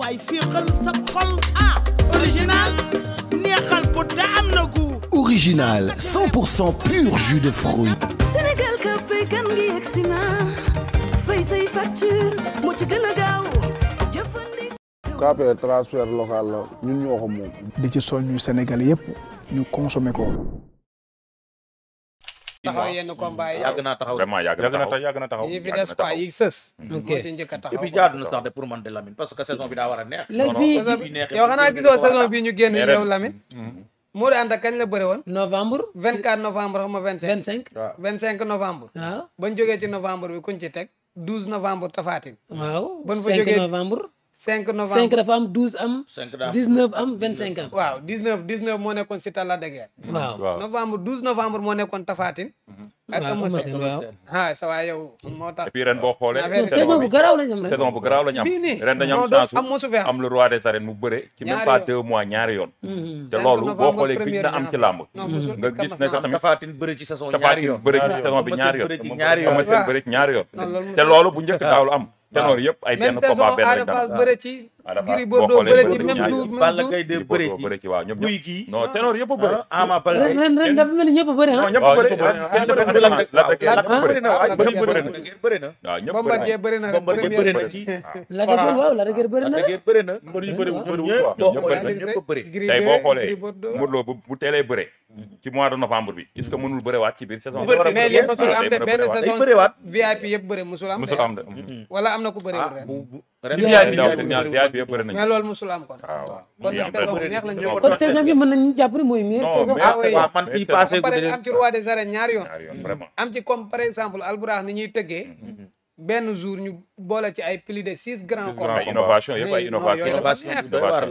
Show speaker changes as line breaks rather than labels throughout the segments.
waay fii xal sa xol ah original neexal bu te am na original pur jus de fruits
Sénégal ka fay kan ngi yegsi na fay say facture moo ci gën
a local la ñun ñoo moom
di ci soññu Sénégal yëpp
ñu consommer ko
taxaw yenn
combat yi mm. yàgg
naa taxaw vraiment yàgg na taxaw yàgg na taxaw yi fi des quoi
yi sës ok njëkk a taxaw et puis jaadu na sax
de pour man de Lamine parce que saison bi daa a saison bi ñu génn yow Lamine mm-hmm.
Modou Anta kañ la bëre woon novembre vingt quatre novembre xam vingt cinq vingt cinq novembre waaw ah. bañ ci novembre bi kuñ ci teg douze novembre Tapha Tine waaw bañ novembre cinq novembre 5 dafa am 12 am. 5 dafa am waaw 19 19 moo nekkoon si Talla Degueur. waaw novembre 12 novembre moo nekkoon Tafatine. ak Eumeu Sène waaw ah sa waa ren boo xoolee. saison bu garaaw la ñu am saison
bu am. bii nii am chance am le mu bëre. ci même pas mois ñaari yoon. Mm-hmm. te loolu boo xoolee gis na am ci làmb. nga bu njëkk daaw am. tenor yëpp ay benn combat benn rek dara même saison Ada Fass bëre ci Gris Bordeaux bëre ci même jour Balla Gaye de bëre ci waaw ñoom guy gi non ténor yëpp a
bëre ah, Ama Baldé
ren ren dafa mel ni ñëpp a bëre ha ah? ñëpp bëre
bëre ah, na waaw ñëpp Bombardier bëre na Bombardier bëre ci la ga gën waaw la ga bëre na la ga bëre na mbër yu bëre bëre ñëpp bëre tey boo xoolee Modou Lo bu
teelee bëre ci mois de novembre bi est-ce que mënul bëre waat ci biir saison mais li musul am de benn saison
VIP yëpp bëre musul am de wala am na ku bëre ren
ren
ñaar bi bëri nañu mais loolu
mosul am kon. waaw kon neex lañu kon saison bi mën nañu jàpp ne mooy meilleure saison. waaw ah man fii passé am ci roi des arènes ñaari yoon. am ci comme par exemple alburax ni ñuy tëggee. benn jour ñu boole ci ay plus de six grands combats. innovation yëpp ay innovation innovation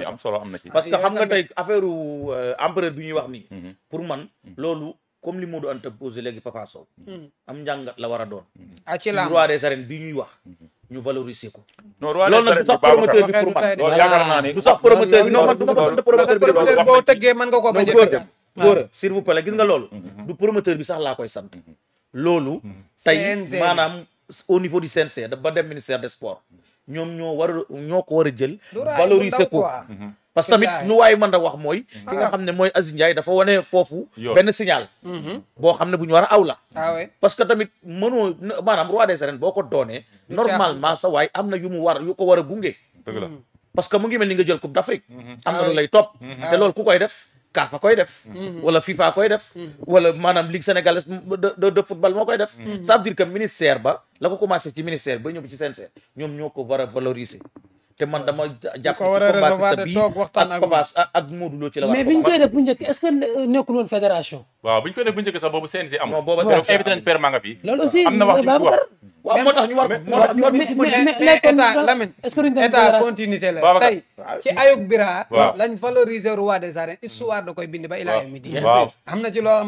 am solo am na
ci. parce que xam nga tey affaire euh, empereur bi ñuy wax nii. Mhm. pour man mhm. loolu. comme li Modou Anta posé léegi Papa Sow. Mhm. am njàngat la war a doon.
ah ci la roi
des arènes bi ñuy wax. ñu valoriser ko. loolu nag du sax promoteur bi pour man. du sax promoteur bi ko sant promoteur bi de. boo tëggee mën nga koo bañ a tëgg. góor a s'il vous plaît gis nga loolu. Mm-hmm. du promoteur bi sax laa koy sant. loolu. Mm-hmm. tey maanaam au niveau du CNG ba dem ministère de sports ñoom ñoo war ñoo ko war a jël. valoriser ko parce que tamit nu waaye mën a wax mooy mm-hmm. ki nga xam ne mooy a Ndiaye dafa wane foofu benn signal mm-hmm. boo xam ne bu ñu war a aw la ah parce que tamit mënoo maanaam roi des arènes boo ko doone normalement sa waay am na yu mu war yu ko war a gunge dëgg mm-hmm. parce que mu ngi mel ni nga jël coupe d'Afrique
am na ah lu lay topp te
loolu ku koy def kaafa koy def wala FIFA koy def wala maanaam ligue sénégales de de football moo koy def ça veut dire que ministère ba la ko commencé ci ministère ba ñëw ci CNG ñoom ñoo ko war a valoriser te man dama jàpp ci combat bi ak Papa ak Modou Lo ci la war mais bi ñu koy def
bu njëkk est-ce que nekkul woon fédération
waaw bu ñu koy def na wax ci wax waaw moo tax
ñu war Lamine état continuité la tey ci ayog bira lañ valoriser roi des koy bind ba ilaa mi di waaw am na ci loo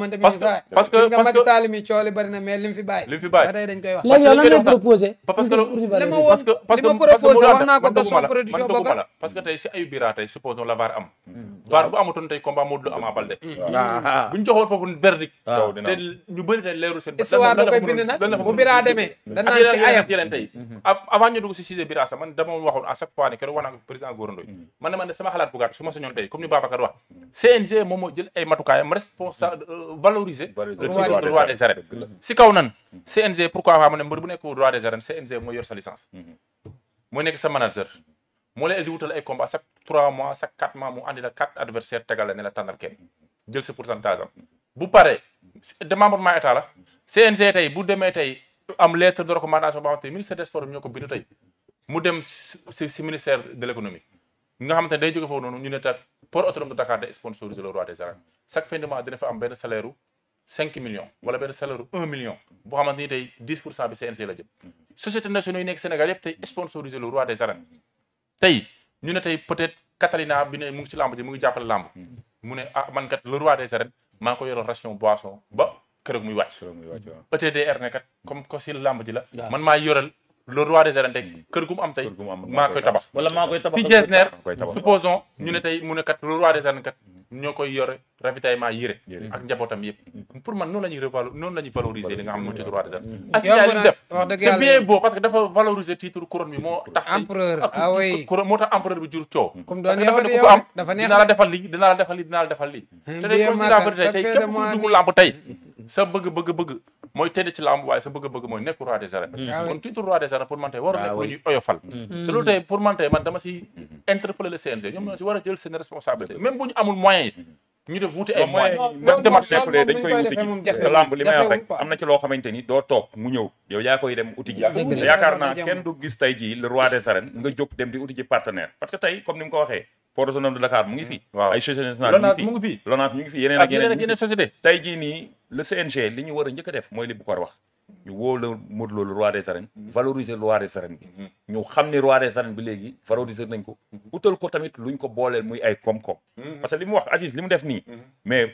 mi cooli bari na mais lim fi bàyyi lim fi bàyyi ba
ko te production bokk parce que si ayog bira tey supposons la VAR am mm. VAR bu amatoon tey combat Modou Lo Ama Baldé mm. Mm. buñ joxoon joxul verdict ah. te ñu bëri te leerul seen histoire da koy bind nag bu biraa demee danaa tey avant ñu dugg si sujet biraa sax man dama waxoon à chaque fois ne keroog wax naa ko président Gora Ndoye mm. sama xalaat bu su ma sañoon tey comme ni Babacar wax CNG moom moo jël ay matukaayam responsable mm. euh, valoriser le droit des si kaw nan mm. CNG pourquoi waa ma ne mbër bu nekk droit des arènes CNG mooy yor sa licence mm-hmm. mooy nekk sa manager mm-hmm. moo lay di wutal ay combat chaque 3 mois chaque 4 bu pare démembrement état la CNG tey bu demee tey am lettre de recommandation boo xamante ni ministère des sports bi ñoo ko mu dem si ministère de l' nga xamante ne day jóge foofu noonu ñu ne ta port autonome de Dakar day sponsorisé le roi des arènes chaque fin de mois fa am benn salaire u 5 millions wala benn salaire u 1 million boo xamante ni tey 10 pour cent bi CNG la jëm société nationale yi nekk Sénégal yëpp tey sponsorisé le roi des arènes tey ñu ne tey peut-être Catalina bi mu ngi ci làmb ji mu ngi jàppale làmb mu ne ah man kat le roi des arènes maa ko yoroon ration boisson ba keroog muy wàcc. keroog muy wàcc waaw ETDR ne kat comme ko si la ji la. man maa yoral loolu roi des arènes tey hmm. kër gu am tey maa tabax wala maa koy tabax ñu ne hmm. tey mu kat le roi des kat hmm. ñoo koy yore ravitaillement yére ak njabootam yëpp pour man noonu la ñuy revalo noonu la ñuy valoriser li nga xam mooy titre roi des arènes asida li def c'est bien beau parce que dafa valoriser titre couronne bi moo ah tax empereur bi jur coow comme doon yow ko am dafa neex dinaa la defal lii dinaa la defal lii dinaa la defal lii te tey comme si daa tey képp mooy tedd ci lamb waaye sa bëgg-bëgg mooy nekk roi des arènes mm-hmm. kon titre roi des arènes pour man tey war a ah nekk lu ñuy oyofal mm-hmm. pour man man dama si mm-hmm. interpeller le CNG yi na
loo xamante ni doo toog mu ñëw yow yaa koy dem uti ji yaakaar naa kenn du gis tey jii le roi des arènes nga jóg dem di uti ji partenaire parce que tey comme ni mu waxee port autonome Dakar mu ngi fi. ay société nationale mu nii le CNG li ñu war a njëkk def mooy li Boucar wax ñu woo la Modou Lo le roi des arènes mm-hmm. valoriser le roi des arènes bi mm-hmm. ñu xam ni roi des arènes bi léegi valoriser nañ ko mm-hmm. utal ko tamit lu ñu ko booleel muy ay koom-koom parce li mu wax Aziz li mu def nii mais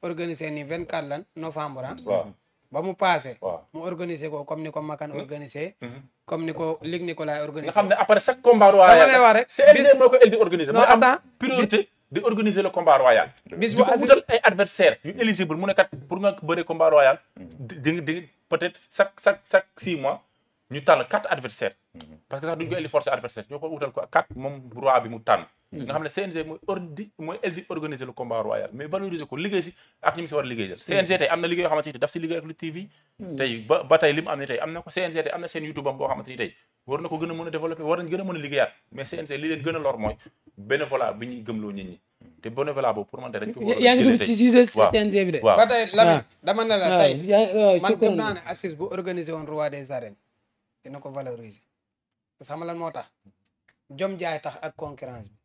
organiser ni 24 lan no ah. waaw ba mu passé. mu organisé ko comme ni ko Makan hmm. organisé. Hmm. comme ni ko Ligue ni ko laay organisé. nga xam ne après chaque combat royal. dama lay wax rek CNG
moo ko di organisé. non am priorité di organiser le combat royal. bis bu as ay mu ne kat pour nga bëree combat royal. di di peut-être chaque chaque chaque six ñu tànn quatre adversaires mhm. parce que sax duñ ko élire force adversaire ñoo ko wutal ko moom roi mu tànn mhm. nga xam ne CNG mooy ordi mooy eldi organiser le mais valoriser ko a liggéeyal mhm. CNG tey am na liggéey yoo xamante ni daf si liggéey tey am na ko CNG tey am na seen YouTube am boo xamante tey war na ko gën a liggéeyaat mais CNG li leen gën lor mooy bénévolat bi ñuy gëmloo nit ñi te bénévolat boobu pour man dañ ko yaa ngi
dugg dina ko valoriser parce que xam lan moo tax jom jaay tax ak concurrence bi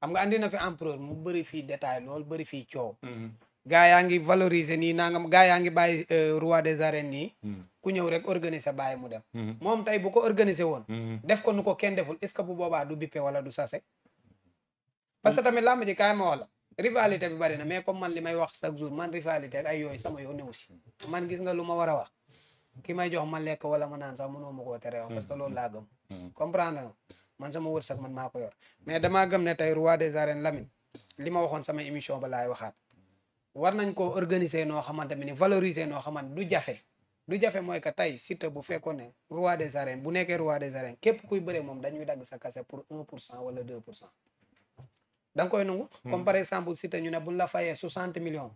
xam nga andi na fi empereur mu bëri fii détail lool bëri fii coow. Mm-hmm. gaa yaa ngi valoriser nii nangam gaa yaa ngi bàyyi euh, roi des arènes nii. Mm-hmm. ku ñëw rek organiser baay mu dem. Mm-hmm. moom tey bu ko organiser woon. def ko nu ko ken deful est ce que bu boobaa du bippe wala du sase. parce que tamit làmb ji kaay ma wax la bi bari na mais comme man li may wax chaque jour man rivalité ak ay yooyu sama yoon newu man gis nga lu ma war a wax. ki may jox ma lekk wala ma naan sax mënoo ma koo teree parce que mm-hmm. loolu laa gëm mm-hmm. comprendre nga man sama wërsëg man maa ko yor mais damaa gëm ne tey roi des arènes Lamine li ma waxoon sama émission ba laay waxaat war nañ koo organiser noo xamante ne ni valoriser noo xamante du jafe du jafe mooy que tey Siteu bu fekkoon ne roi des arènes bu nekkee roi des arènes képp kuy bëre moom dañuy dagg sa kase pour un pour cent wala deux pour cent da nga koy nangu comme mm-hmm. par exemple Siteu ñu ne buñ la fayee soixante millions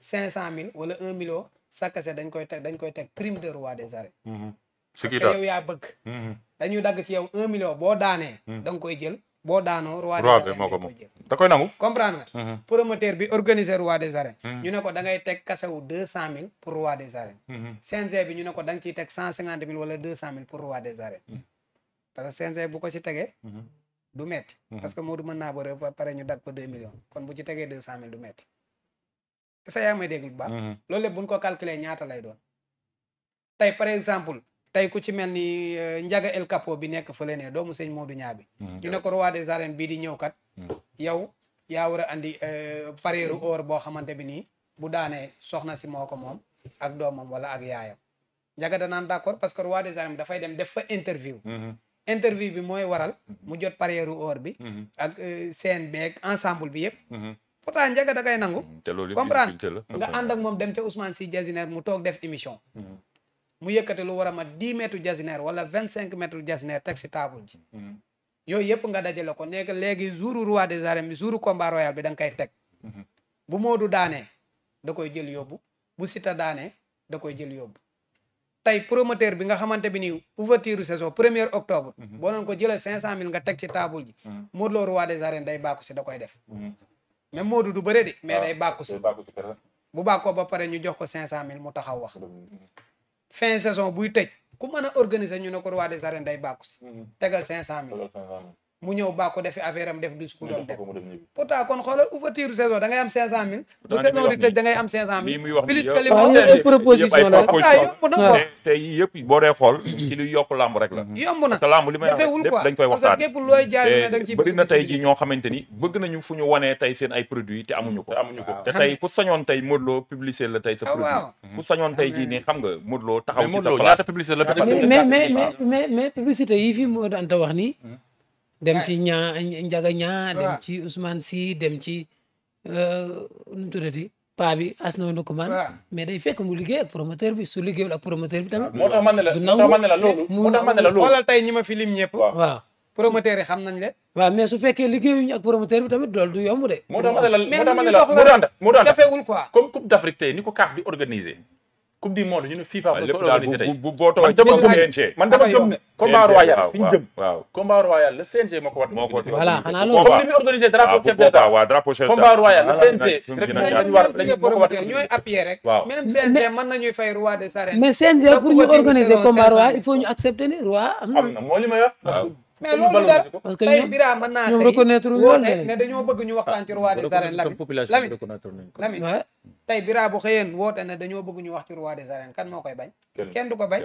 cinq cent mille wala un million sakkase dañ koy teg dañ koy teg prime de roi des arènes. Mhm. parce que yow yaa bëgg. Mhm. dañuy dagg ci yow un million boo daanee. Mhm. da nga koy jël boo daanoo. roi des arènes moo
ko moom da koy nangu. comprendre nga.
promoteur bi organiser roi des arènes. ñu ne ko da ngay teg kasewu deux cent mille pour roi des arènes. CNG bi ñu ne ko da nga ciy teg cent cinquante mille wala deux cent mille pour roi des arènes. parce que CNG bu ko ci tegee. du metti parce que Modou mën naa bëre ba pare ñu dagg ko deux millions kon bu ci tegee deux cent mille du metti est-ce que yaa ngi may dégg bu baax. Mm-hmm. loolu bu ñu ko calculer ñaata lay doon. tey par exemple tey ku ci mel ni euh, Ndiaga El Capo bi nekk fële ne doomu sëñ Modou Niabi. Mm-hmm. ñu ne ko roi des arènes bii di ñëw kat. Mm-hmm. yow yaa war a andi euh, pareeru or boo xamante bi nii bu daanee soxna si moo ko moom ak doomam wala ak yaayam. Ndiaga danaan d'accord parce que roi des arènes dafay dem def fa interview. interview bi mooy waral mu jot pareeru or bi. ak euh, seen beeg ensemble bi yëpp. pourtant njaga da ngay nangu. Mm,
te loolu comprendre
nga ànd moom dem ca Ousmane Sy jasinaire mu toog def émission. Mm. mu yëkkati lu war a mat dix mètres jasinaire wala vingt cinq mètres jasinaire teg si table ji. Mm. yooyu yëpp nga dajale ko nekk léegi jouru roi des arènes bi jouru combat royal bi da nga koy teg. Mm-hmm. bu Modou daanee da koy jël yóbbu bu Siteu daanee da koy jël yóbbu. tey promoteur bi nga xamante bi nii ouverture saison premier octobre. Mm-hmm. boo doon ko jëlee cinq cent mille nga teg ci table ji. Modou Lo roi day bàkku si da koy def. même Modou du bëre de. mais ah, day bàkku si bu bàkkoo ba pare ñu jox ko mille mu taxaw wax. Mm-hmm. fin saison buy tëj ku mën a organiser ñu ne ko roi des arènes day bàkku si. Mm-hmm. tegal 500000. mu ñëw baa ko defee affaire am def discours am def pourtant kon xoolal ouverture am 500000. bu saison di tëj wax ah, ah, mhm. lépp dañ
ñoo xamante ni bëgg nañu fu ñu wanee tey seen ay produits te amuñu ko. amuñu ko te tey ku sañoon tey Modou Lo publicité la tey sa ah, produit. ku sañoon tey ji xam nga Modou Lo taxaw ci sa place. mais mais
mais mais publicité yi fi Modou Anta wax nii dem ci ñaa Njaga ñaa dem ci Ousmane Sy dem ci euh, nu mu tuddati paa bi Asnaw Ndoukoumane. mais day fekk mu liggéey ak promoteur bi su liggéeyul ak promoteur bi tamit. moo tax man ne la moo tax man ne la loolu moo tax man ne la loolu xoolal tey ñi ma fi lim ñëpp. waaw promoteur yi xam nañ leen. waaw mais su fekkee liggéeyuñu ak promoteur bi tamit loolu du yomb de. moo tax man ne la moo tax man ne la moo tax man ne la moo tax man ne la comme
Coupe d'Afrique tey ni ko CAF di organiser. coupe du monde ñu ne FIFA. waaw lépp daal bu bu boo toog man dama gëm ne. combat royal fi ñu jëm. waaw combat royal le CNG moo ko war. moo ko voilà
xanaa
loolu comme ni muy organisé drapeau chef d'état waaw drapeau chef d'état combat royal le CNG. Ah, rek ñu war dañu ko war
ñooy appuyer rek. waaw même CNG mën nañuy fay roi des arènes. mais CNG pour ñu organiser combat royal il faut ñu accepter ne roi am na. am na moo li may wax parce que. mais loolu dara tey bira mën naa xëy woote ne dañoo bëgg ñu waxtaan ci roi des arènes Lamine Lamine tey biraa bu xëyeen woote ne dañoo bëgg ñu wax ci roi des arènes kan moo koy bañ. kenn du ko bañ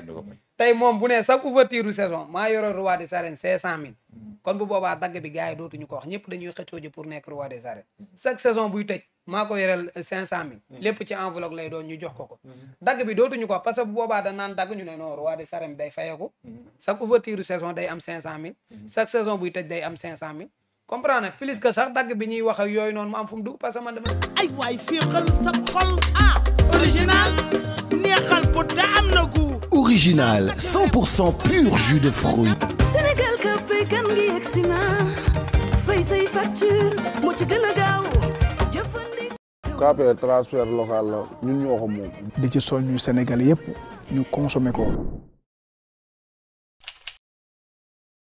tey moom bu ne chaque ouverture saison maa yore roi des arènes cinq cent mille. Mm. kon bu boobaa dagg bi gars yi dootuñu ko wax ñëpp dañuy xëccoo ji pour nekk roi des arènes. Mm. chaque saison buy tëj maa ko yoreel euh, cinq cent mille. Mm. lépp ci enveloppe lay doon ñu jox ko ko. dagg bi dootuñu ko wax parce que bu boobaa da naan dagg ñu ne non roi des arènes bi day fayeku. chaque ouverture saison day am cinq cent mille. chaque saison buy tëj day am cinq cent mille. comprendre plus que sax dagg bi ñuy wax yooyu noonu mu am fu mu dugg parce que ay waay féexal sa xol ah original neexal bu te am
original pur jus de fruits.
Sénégal ka fay kan ngi yegg na fay say facture moo ci gën a gaaw.
KPR transfert local la ñun ñoo ko moom. di ci soññu Sénégal yëpp ñu consommer ko.